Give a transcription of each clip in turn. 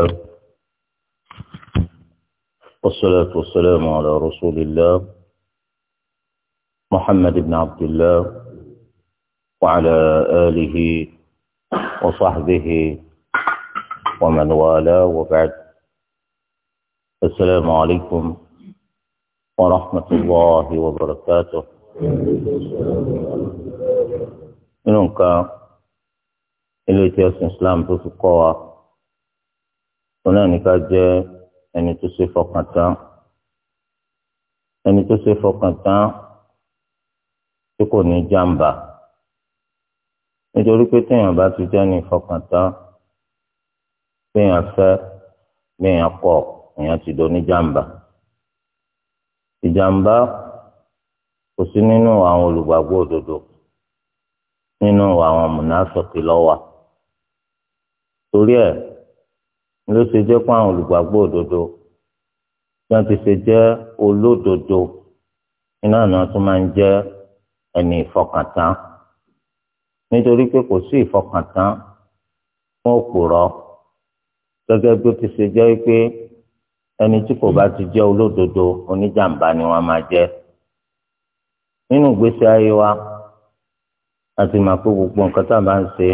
الله والصلاة والسلام على رسول الله محمد بن عبد الله وعلى آله وصحبه ومن والاه وبعد السلام عليكم ورحمة الله وبركاته إنك إليك يا إسلام تفقوا òun náà ní ká jẹ́ ẹni tó ṣe fọkàn tán ẹni tó ṣe fọkàn tán tí kò ní jàǹbá nítorí pé téèyàn bá ti jẹ́ ní fọkàn tán téèyàn fẹ́ téèyàn kọ̀ èèyàn ti do ní jàǹbá ìjàǹbá kò sí nínú àwọn olùgbàgbọ́ òdodo nínú àwọn mùnáfíkì ló torí ẹ̀ ló ṣe jẹ́ pé àwọn olùgbàgbọ́ òdodo tí wọ́n ti ṣe jẹ́ olódodo iná náà tún máa ń jẹ́ ẹni ìfọkàntán nítorí pé kò sí ìfọkàntán fún òpùrọ́ gẹ́gẹ́ bí ó ti ṣe jẹ́ pé ẹni tí kò bá ti jẹ́ olódodo oníjàmbá ni wọ́n máa jẹ́ nínú ìgbésí ayé wa àti màkó gbogbo nǹkan tá a bá ń ṣe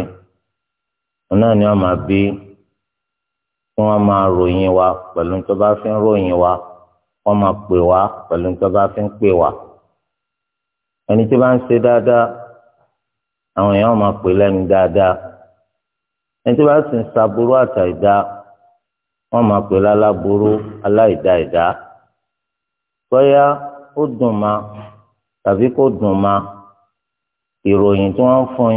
náà ni wọ́n máa bí kí wọ́n máa ròyìn wa pẹ̀lú tó bá fi ń ròyìn wa wọ́n máa pè wá pẹ̀lú tó bá fi ń pè wá. ẹni tí bá ń ṣe dáadáa àwọn èèyàn máa pè lẹ́nu dáadáa ẹni tí bá sì ń ṣàbúrú àtàìdá wọ́n máa pè lálábúrú aláìdá bóyá ó dùn ma tàbí kò dùn ma ìròyìn tí wọ́n ń fún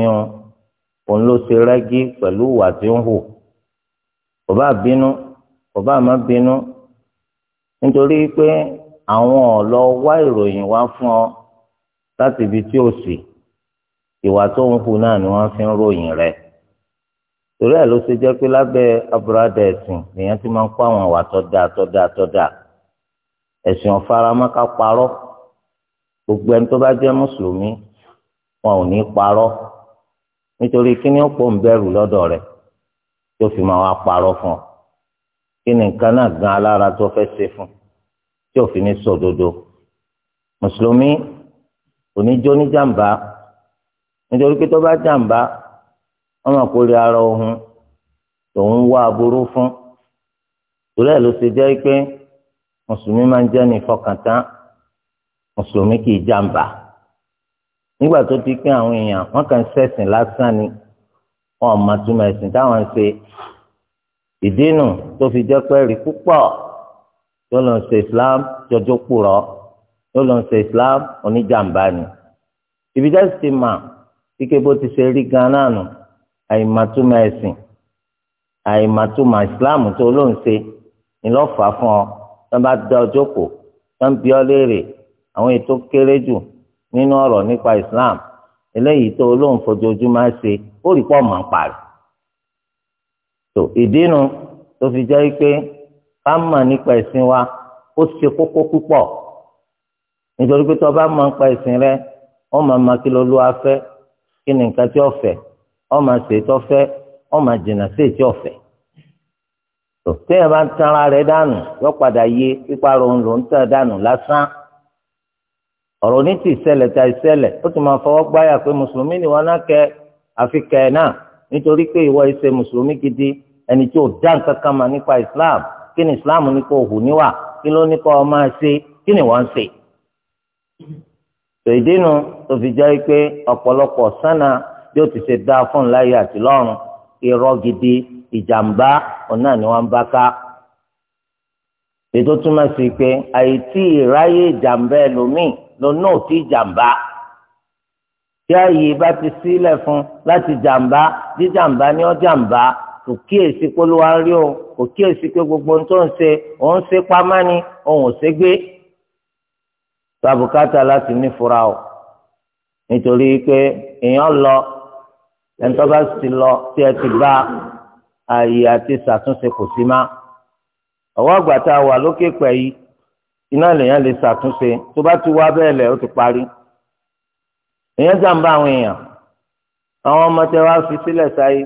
òun ló ṣe rẹ́gí pẹ̀lú ìwà tí ń hù kò bá bínú kò bá má bínú nítorí pé àwọn ọ̀lọ́ wá ìròyìn wá fún ọ láti ibi tí o sì ìwà tó ń hù náà ni wọ́n fi ń ròyìn rẹ̀ torí ẹ̀ ló ṣe jẹ́ pé lábẹ́ abúradà ẹ̀sìn nìyẹn ti máa ń kó àwọn ìwà tó dáa tó dáa tó dáa ẹ̀sìn ọ̀faramọ́ká parọ́ gbogbo ẹni tó bá jẹ́ mùsùlùmí wọn ò ní parọ́ nítorí kíní ó pọ̀ ń bẹ̀rù lọ́dọ̀ rẹ̀ tó fi máa wá parọ fún ọ kí ni nǹkan náà gan alára tó fẹ́ ṣe fún tí ò fi ní sòdodo mùsùlùmí oníjó ní jàǹbá nítorí pé tó bá jàǹbá wọn máa ara ohun tòun wá aburú fún torí ló ṣe jẹ́ pé mùsùlùmí máa ń jẹ́ ní ìfọkàntán mùsùlùmí kì í jàǹbá nígbà tó ti pín ni. wọn ò máa túmọ̀ ẹ̀sìn táwọn ń ṣe ìdínú tó fi jẹ́ pé rí púpọ̀ tó lọ ṣe islam jọjọ́ kúrọ̀ tó lọ ṣe islam oníjàmbá ni ibi jẹ́ sì mà kíkẹ́ bó ti ṣe rí ganan nù àìmàtúmọ̀ ẹ̀sìn àìmàtúmọ̀ islam tó ló ń ṣe ńlọ́fà fún ọ tó bá da ọjọ́ kù tó ń bi ọ́ léèrè àwọn ètò kéré jù nínú ọ̀rọ̀ nípa islam eléyìí tó olóhùn fojoojúmọ́ ṣe ó rí pọ̀ mọ̀ ń parí. tó ìdínú tó fi jẹ́ pé ká mọ̀ nípa ẹ̀sìn wa ó ṣe kókó púpọ̀ nítorí pé tó bá mọ̀ nípa ẹ̀sìn rẹ ó máa ma kí lólu afẹ́ kí ni nǹkan tí ó fẹ́ ó máa ṣe tó fẹ́ ó máa jìnnà sí ètí ọ̀fẹ́. tó téèyàn bá ń tan rẹ̀ dànù yọ padà yé pípa ronú ló ń tẹ̀ dànù lásán ọ̀rọ̀ ní ti ìṣẹ̀lẹ̀ ta ìṣẹ̀lẹ̀ ó ti máa fọwọ́ gbáyà pé mùsùlùmí ni wọn náà kẹ àfikẹ́ ẹ̀ náà nítorí pé ìwọ ìṣe mùsùlùmí gidi ẹni tí ò dá nǹkan kan mà nípa islam kí ni islam ní kò hù níwà kí ló ní kò ọ máa ṣe kí ni wọ́n ń ṣe. tòìdínú tó fi jẹ́ pé ọ̀pọ̀lọpọ̀ sánà yóò ti ṣe dá fún láyé àti lọ́run irọ́ gidi ìjàmbá ọ̀nà ni wọ́n ń bá ká ètò túmọ̀ sí pé àìtí ìráyè ìjàmbá ẹlòmíì lọ́nà ò tí jàǹbá tí ààyè bá ti sílẹ̀ fún láti jàǹbá jíjàǹbá ni ó jàǹbá kò kíyèsí polówó rí o kò kíyèsí pé gbogbo ohun tó ń ṣe òun ṣe pamọ́ ni òun ò ṣe gbé tàbùkátà láti nífura o nítorí pé èèyàn lọ ẹnitọ́ bá ti lọ tí ẹ ti bá ààyè àti ṣàtúnṣe kò sí má ọwọ́ àgbàtà wà lókè pẹ̀ yìí iná lèèyàn lè ṣàtúnṣe tó bá ti wá bẹ́ẹ̀ lẹ̀ ó ti parí èèyàn jàǹbá àwọn èèyàn àwọn ọmọ tẹ wá fi sílẹ̀ sáyé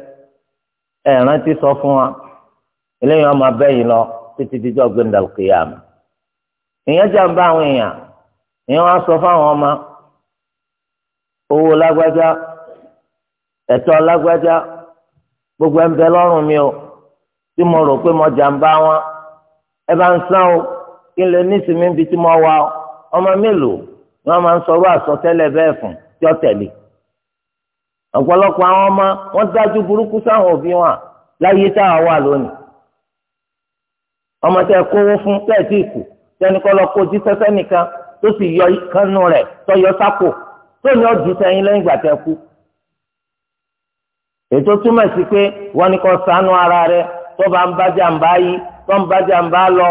ẹ̀ rántí sọ fún wa eléyìí wọn máa bẹ́yìn lọ títí dídọ́ gbẹ̀ndà òkè yà mọ́ èèyàn jàǹbá àwọn èèyàn èèyàn wá sọ fáwọn ọmọ owó lágbájá ẹ̀tọ́ lágbájá gbogbo ẹ̀ ń bẹ lọ́rùn mi o tí mo rò pé mo jàǹbá wọn ẹ bá ń sán o kí n lè ní ìsinmi ibi tí mo wà ọmọ mélòó ni wọ́n máa ń sọ̀rọ̀ àsọtẹ́lẹ̀ bẹ́ẹ̀ fún tí ó tẹ̀lé ọ̀pọ̀lọpọ̀ àwọn ọmọ wọn dájú burúkú sáwọn òbí wọn láyé tá a wà lónìí ọmọ tẹ kówó fún tẹ́ẹ̀tì ìkù tẹni kọ́ lọ kó jí sẹ́sẹ́ nìkan tó sì yọ ìkànnù rẹ̀ tó sápò tó ní ọdún sẹ́yìn lẹ́yìn ìgbà tẹ kú ètò túmọ̀ sí pé wọ́n ní kó ṣàánú ara rẹ̀ tó bá ń bájà ń bá yí tó ń bájà ń bá lọ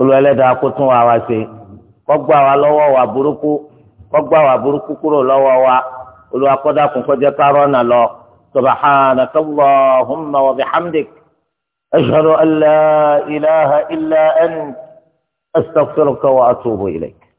olùwẹlẹdàá kó tún wa wá ṣe kó gbà wá lọ́wọ́ wa burúkú kó gbà wá burúkú kúrò lọ́wọ́ wa Olúwa kó dákun kó jẹ́ ká rọ́nà lọ subhanaka allahumma wa bihamdik ashhadu ilaha illa ant astaghfiruka wa atubu ilayk.